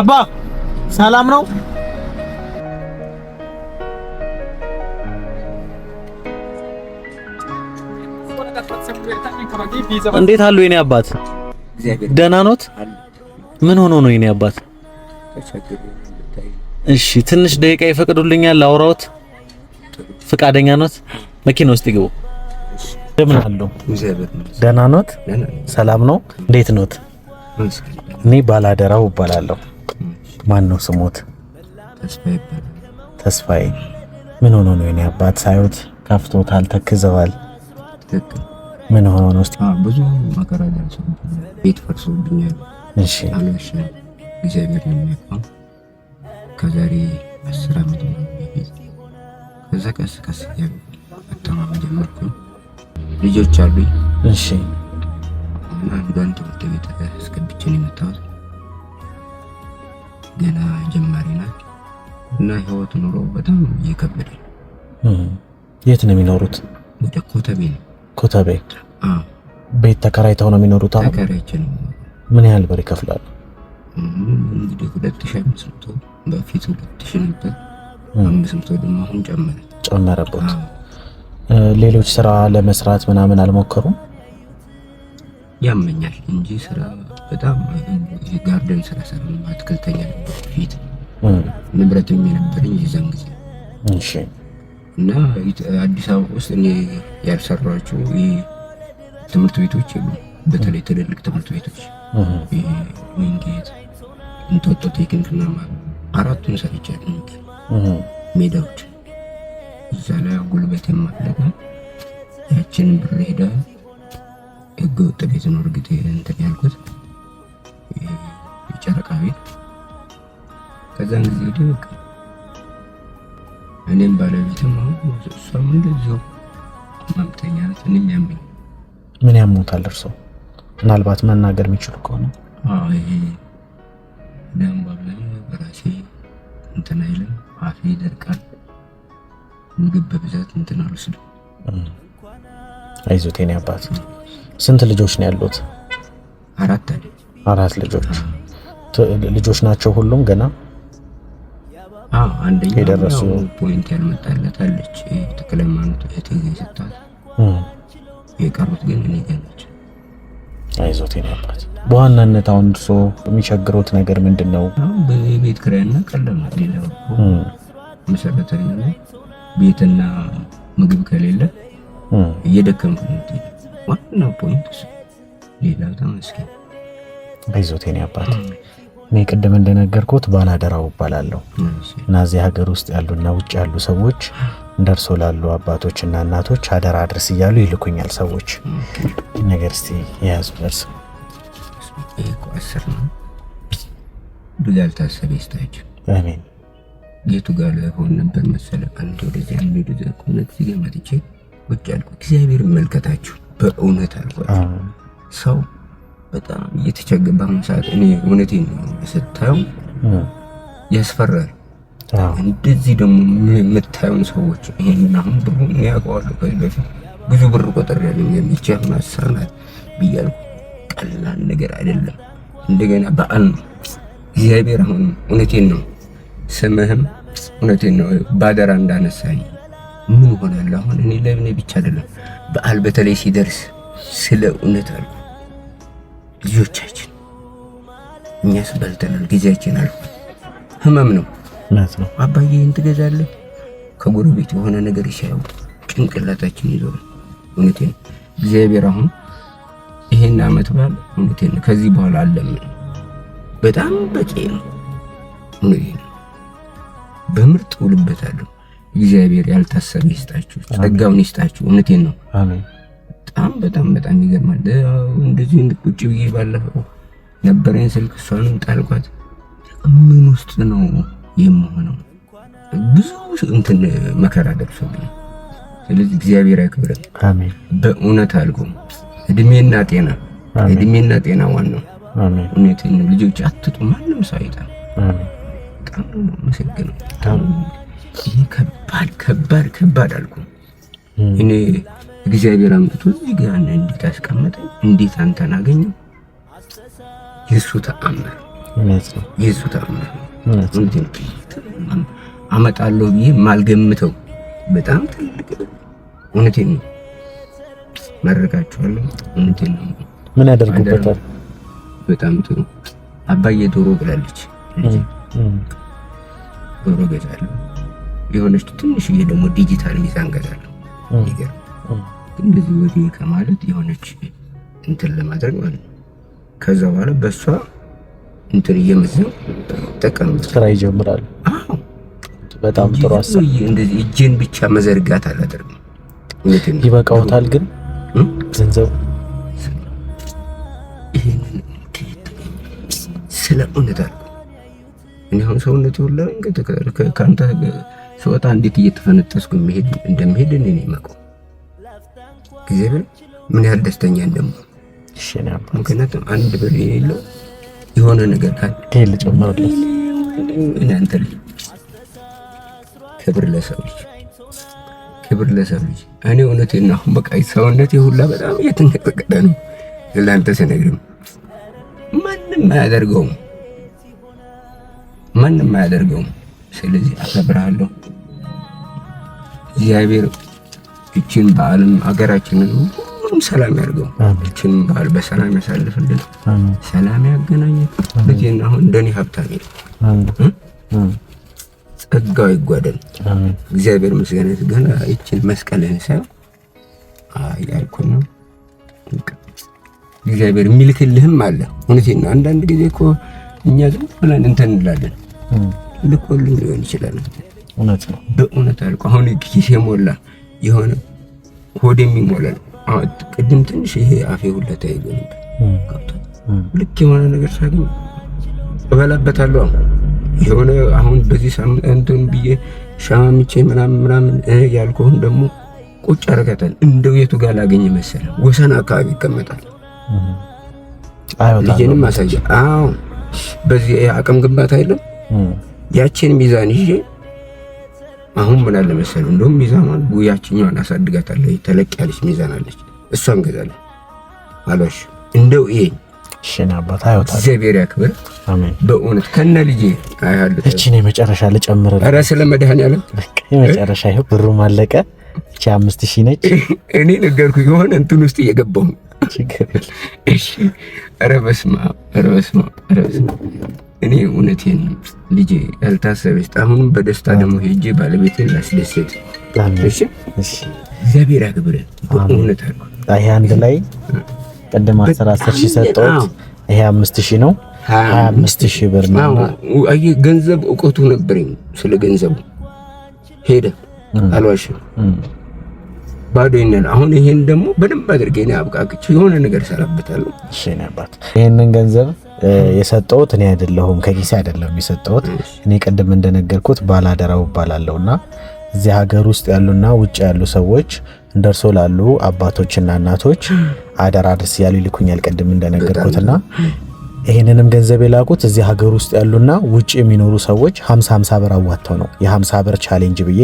አባ ሰላም ነው? እንዴት አሉ የኔ አባት? ደህና ኖት? ምን ሆኖ ነው የኔ አባት? እሺ ትንሽ ደቂቃ ይፈቅዱልኛል? ላውራዎት? ፍቃደኛ ኖት? መኪና ውስጥ ይግቡ። ደምን አሉ? ደህና ኖት? ሰላም ነው? እንዴት ኖት? እኔ ባላደራው እባላለሁ። ማን ነው ስሞት? ተስፋዬ ምን ሆኖ ነው? የኔ አባት ሳዩት ከፍቶታል፣ ተክዘዋል። ምን ሆኖ ነው? ብዙ መከራ ቤት ፈርሶብኛል። ልጆች አሉኝ። እሺ አንዷን ትምህርት ቤት አስገብቼ ነው የመጣሁት ገና ጀማሪ ናት እና ህይወት ኑሮ በጣም እየከበደ የት ነው የሚኖሩት? ወደ ኮተቤ ነው። ኮተቤ ቤት ተከራይተው ነው የሚኖሩት? አሁን ተከራይቼ ነው። ምን ያህል ብር ይከፍላሉ? እንግዲህ ሁለት ሺህ አምስት መቶ በፊት ሁለት ሺህ ነበር፣ አምስት መቶ ደግሞ አሁን ጨመረ ጨመረበት። ሌሎች ስራ ለመስራት ምናምን አልሞከሩም? ያመኛል እንጂ ስራ በጣም ጋርደን ስራሰር አትክልተኛ ነበር ፊት ንብረት የነበረኝ የዛን ጊዜ እና አዲስ አበባ ውስጥ እኔ ያልሰራቸው ትምህርት ቤቶች የሉ። በተለይ ትልልቅ ትምህርት ቤቶች ወንጌት፣ እንጦጦ ቴክኒክና አራቱን ሰርቻለሁ። ሜዳዎች እዛ ላይ ጉልበት የማለቀ ያችን ብር ሄዳ ህገ ወጥ ቤት ነው እርግጥ እንትን ያልኩት ጨረቃ ቤት። ከዛን ጊዜ ወዲህ በቃ እኔም ባለቤትም አሁን እሷም እንደዚሁ ማምተኛ ናት። እኔም ያመኝ ምን ያሞታል እርስዎ ምናልባት መናገር የሚችሉ ከሆነ ይሄ ደም በአብዛኛው በራሴ እንትን አይልም፣ አፌ ይደርቃል። ምግብ በብዛት እንትን አልወስድም። አይዞት የኔ አባት። ስንት ልጆች ነው ያሉት? አራት አራት ልጆች ልጆች ናቸው ሁሉም ገና የደረሱ ፖይንት ያልመጣለት አለች ተክለ ሃይማኖት እህቴ የሰጣት የቀሩት ግን እኔ ጋ ናቸው። አይዞት የኔ በዋናነት አሁን እርሶ የሚቸግሮት ነገር ምንድን ነው? ቤት ኪራይና ቀለማ ሌላ መሰረተ ቤትና ምግብ ከሌለ እየደከምኩ ዋናው ፖይንት ሌላ ተመስገን አይዞት ነው አባት። እኔ ቅድም እንደነገርኩት ባላደራው እባላለሁ እና እዚህ ሀገር ውስጥ ያሉና ውጭ ያሉ ሰዎች እንደርሶ ላሉ አባቶች እና እናቶች አደራ አድርስ እያሉ ይልኩኛል ሰዎች። ነገር እስቲ የያዙ ደርስ ያልታሰበ ይስታች። አሜን። ጌቱ ጋር ሆን ነበር መሰለ አንድ ወደዚ ሚሄዱ ዘቁነ ጊዜ መጥቼ ውጭ ያልኩ እግዚአብሔር መልከታችሁ በእውነት አልኳቸው ሰው በጣም እየተቸገረ በአሁኑ ሰዓት እኔ እውነቴን ስታየው ያስፈራል። እንደዚህ ደግሞ የምታዩን ሰዎች ይሄን አሁን ብሩ ያውቀዋሉ። ከዚህ በፊት ብዙ ብር ቆጠር ያለ የሚቻል ማስር ናት ብያለሁ። ቀላል ነገር አይደለም። እንደገና በዓል ነው እግዚአብሔር አሁን እውነቴን ነው ስምህም እውነቴን ነው ባደራ እንዳነሳኝ ምን ሆናል አሁን እኔ ለምን ብቻ አይደለም በዓል በተለይ ሲደርስ ስለ እውነት አሉ ልጆቻችን እኛስ በልተናል፣ ጊዜያችን አልፎ ህመም ነው። አባዬ ይህን ትገዛለህ? ከጎረቤት የሆነ ነገር ይሻየው ጭንቅላታችን ይዞ እውነቴን እግዚአብሔር አሁን ይሄን አመት በዓል እውነቴን ከዚህ በኋላ አለም በጣም በቂ ነው። እውነቴን በምርጥ ውልበታለሁ። እግዚአብሔር ያልታሰበ ይስጣችሁ፣ ጸጋውን ይስጣችሁ። እውነቴን ነው። በጣም በጣም በጣም ይገርማል። እንደዚህ ቁጭ ብዬ ባለፈው ነበረኝ ስልክ እሷንም ጣልኳት። ምን ውስጥ ነው የምሆነው? ብዙ እንትን መከራ ደርሶብኝ። ስለዚህ እግዚአብሔር ያክብረን። በእውነት አልጎ እድሜና ጤና እድሜና ጤና ዋናው እውነት ልጆች አትጡ፣ ማንም ሰው አይጣ። በጣም መሰግነው ይህ ከባድ ከባድ ከባድ አልኩ እኔ እግዚአብሔር አምጥቶ እዚህ ጋር እንዴት አስቀመጠኝ? እንዴት አንተን አገኘ? የእሱ ተአምር የእሱ ተአምር አመጣለሁ ብዬ ማልገምተው በጣም ትልቅ እውነቴን ነው። መረቃችኋለሁ። እውነቴን ነው። ምን ያደርጉበታል? በጣም ጥሩ አባዬ ዶሮ ብላለች። ዶሮ ገዛለሁ። የሆነች ትንሽዬ ደግሞ ዲጂታል ሚዛን ገዛለሁ። ይገርም እንደዚህ ወዲህ ከማለት የሆነች እንትን ለማድረግ ማለት ነው። ከዛ በኋላ በእሷ እንትን እየመዘን ጠቀምት ስራ ይጀምራል። በጣም ጥሩ አሰብ። እንደዚህ እጄን ብቻ መዘርጋት አላደርግም። ይበቃውታል ግን ገንዘብ ስለ እውነት አለ። እኔ አሁን ሰውነት ሁላ ከአንተ ስወጣ እንዴት እየተፈነጠስኩ እንደምሄድ እኔ የማውቀው እግዚአብሔር ምን ያህል ደስተኛ እንደሞ ምክንያቱም አንድ ብር የሌለው የሆነ ነገር ካለ እናንተ ክብር ለሰው ልጅ ክብር ለሰው ልጅ። እኔ እውነቴን ነው። በቃ ሰውነት ሁላ በጣም እየተንቀጠቀጠ ነው። ለአንተ ስነግርም ማንም አያደርገውም፣ ማንም አያደርገውም። ስለዚህ አከብርሃለሁ እግዚአብሔር እችን በዓልን አገራችንን ሁሉም ሰላም ያድርገው። እችን በዓል በሰላም ያሳልፍልን፣ ሰላም ያገናኘን። ልጄን አሁን እንደኔ ሀብታም የለም፣ ጸጋው ይጓደል። እግዚአብሔር ምስጋና ስገና እችን መስቀልን ሳይ ያልኩን ነው እግዚአብሔር የሚልክልህም አለ። እውነቴ ነው። አንዳንድ ጊዜ እኮ እኛ ዝም ብለን እንትን እንላለን፣ ልኮልን ሊሆን ይችላል። በእውነት አልኩ አሁን ጊዜ ሞላ የሆነ ሆድ የሚሞላ ነው። ቅድም ትንሽ ይሄ አፌ ሁለት ተያይዞ ነበር። ልክ የሆነ ነገር ሳገኝ እበላበታለሁ። የሆነ አሁን በዚህ ሳምንት እንትን ብዬ ሻማምቼ ምናምን ምናምን ያልኩህን ደግሞ ቁጭ አረጋታል። እንደው የቱ ጋር ላገኝ መሰለ ወሰን አካባቢ ይቀመጣል። ልጄንም አሳየ። አዎ በዚህ አቅም ግንባታ የለም ያቼን ሚዛን ይዤ አሁን ምን አለ መሰለ፣ እንደውም ሚዛኗን ጉያችኛዋን አሳድጋታለሁ። ተለቅ ያለች ሚዛን አለች፣ እሷን ገዛለሁ አሏሽ። እንደው ይሄ ሽናባታ ያውታል። እግዚአብሔር ያክብር። አሜን። በእውነት ከነ ልጄ አያለሁ። እቺ ነው መጨረሻ ልጨምርልህ። ኧረ ስለ መድኃኒዓለም በቃ የመጨረሻ ይኸው፣ ብሩ ማለቀ። እቺ አምስት ሺህ ነች። እኔ ነገርኩ የሆነ እንትን ውስጥ እየገባሁ። እሺ። ኧረ በስመ አብ፣ ኧረ በስመ አብ፣ ኧረ በስመ አብ እኔ እውነቴን ልጄ ያልታሰበች አሁን በደስታ ደግሞ ሄጄ ባለቤቴን ላስደስት። እግዚአብሔር ያክብረን። እውነት አለ። ይሄ አንድ ላይ ቅድም አስር አስር ሺህ ሰጠሁት። ይሄ አምስት ሺህ ነው። ሀያ አምስት ሺህ ብር ነው። አየህ ገንዘብ እውቀቱ ነበረኝ። ስለ ገንዘቡ ሄደ አልዋሽም። ይነን አሁን ይሄን ደግሞ በደንብ አድርጌ አብቃቅቼ የሆነ ነገር ሰራበታለሁ። ይሄንን ገንዘብ የሰጠሁት እኔ አይደለሁም፣ ከጊዜ አይደለም የሰጠሁት። እኔ ቅድም እንደነገርኩት ባላደራው እባላለሁ እና እዚህ ሀገር ውስጥ ያሉና ውጭ ያሉ ሰዎች እንደርሶ ላሉ አባቶችና እናቶች አደራ አድርስ እያሉ ይልኩኛል። ቅድም እንደነገርኩትና ይህንንም ገንዘብ የላኩት እዚህ ሀገር ውስጥ ያሉና ውጭ የሚኖሩ ሰዎች 50 50 ብር አዋጥተው ነው የ50 ብር ቻሌንጅ ብዬ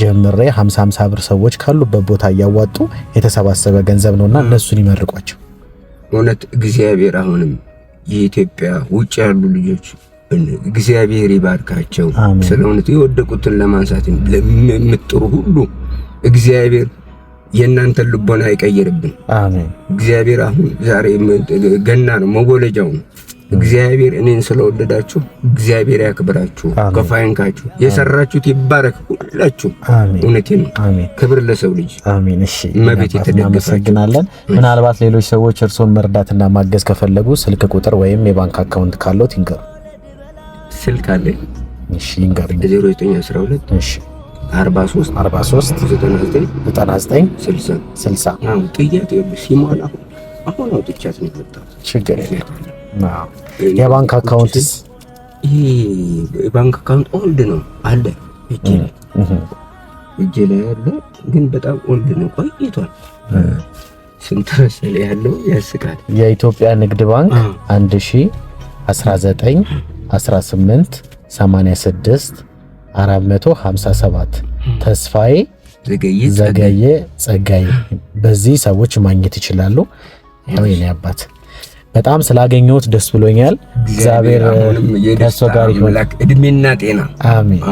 ጀምሬ 50 50 ብር ሰዎች ካሉበት ቦታ እያዋጡ የተሰባሰበ ገንዘብ ነውና እነሱን ይመርቋቸው። እውነት እግዚአብሔር አሁንም የኢትዮጵያ ውጭ ያሉ ልጆች እግዚአብሔር ይባርካቸው። ስለ እውነት የወደቁትን ለማንሳት ለምትጥሩ ሁሉ እግዚአብሔር የእናንተን ልቦና አይቀይርብን። እግዚአብሔር አሁን ዛሬ ገና ነው፣ መጎለጃው ነው። እግዚአብሔር እኔን ስለወደዳችሁ እግዚአብሔር ያክብራችሁ፣ ክፉ አይንካችሁ፣ የሰራችሁት ይባረክ ሁላችሁ። እውነቴ ነው። ክብር ለሰው ልጅ አሜን። እሺ፣ እናመሰግናለን። ምናልባት ሌሎች ሰዎች እርሶን መርዳትና ማገዝ ከፈለጉ ስልክ ቁጥር ወይም የባንክ አካውንት ካለው ይንገሩ። ስልክ አለኝ። እሺ፣ ይንገሩ። 0912 እሺ 43 43 99 99 60 60 ጥያቄ ሲሞላ አሁን አውጥቻት ነው የመጣሁት። ችግር የለም የባንክ አካውንት ይሄ የባንክ አካውንት ኦልድ ነው አለ እጄ ላይ እጄ ላይ ያለ ግን በጣም ኦልድ ነው ቆይቷል። ስንት መሰለ ያለው ያስቃል። የኢትዮጵያ ንግድ ባንክ 1019 18 86 457 ተስፋዬ ዘገየ ጸጋዬ። በዚህ ሰዎች ማግኘት ይችላሉ። ያው የኔ አባት በጣም ስላገኘሁት ደስ ብሎኛል። እግዚአብሔር ከእሱ ጋር ይሁን። እድሜና ጤና አሜን፣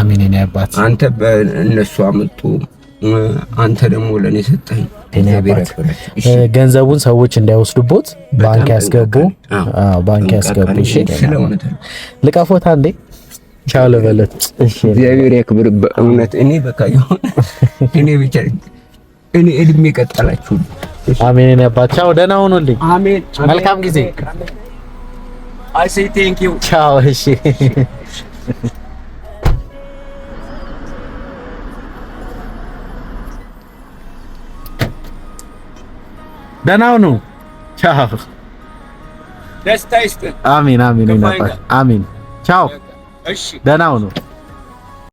አሜን። እኔ አባት አንተ በእነሱ አመጡ፣ አንተ ደግሞ ለእኔ ሰጠኝ። ገንዘቡን ሰዎች እንዳይወስዱቦት ባንክ ያስገቡ፣ ባንክ ያስገቡ። እሺ፣ ልቀፎታ እንዴ ቻው ልበለት። እግዚአብሔር ያክብር። በእውነት እኔ በቃ ይሁን እኔ ብቻ እኔ እድሜ ቀጠላችሁ አሜን። አባት ቻው፣ ደህና ሁኑልኝ። አሜን። መልካም ጊዜ። አይ ሴ ቴንክ ዩ ቻው። እሺ ደህና ሁኑ። ቻው። ደስታ ይስጥ። አሜን፣ አሜን። አሜን። ቻው፣ ደህና ሁኑ።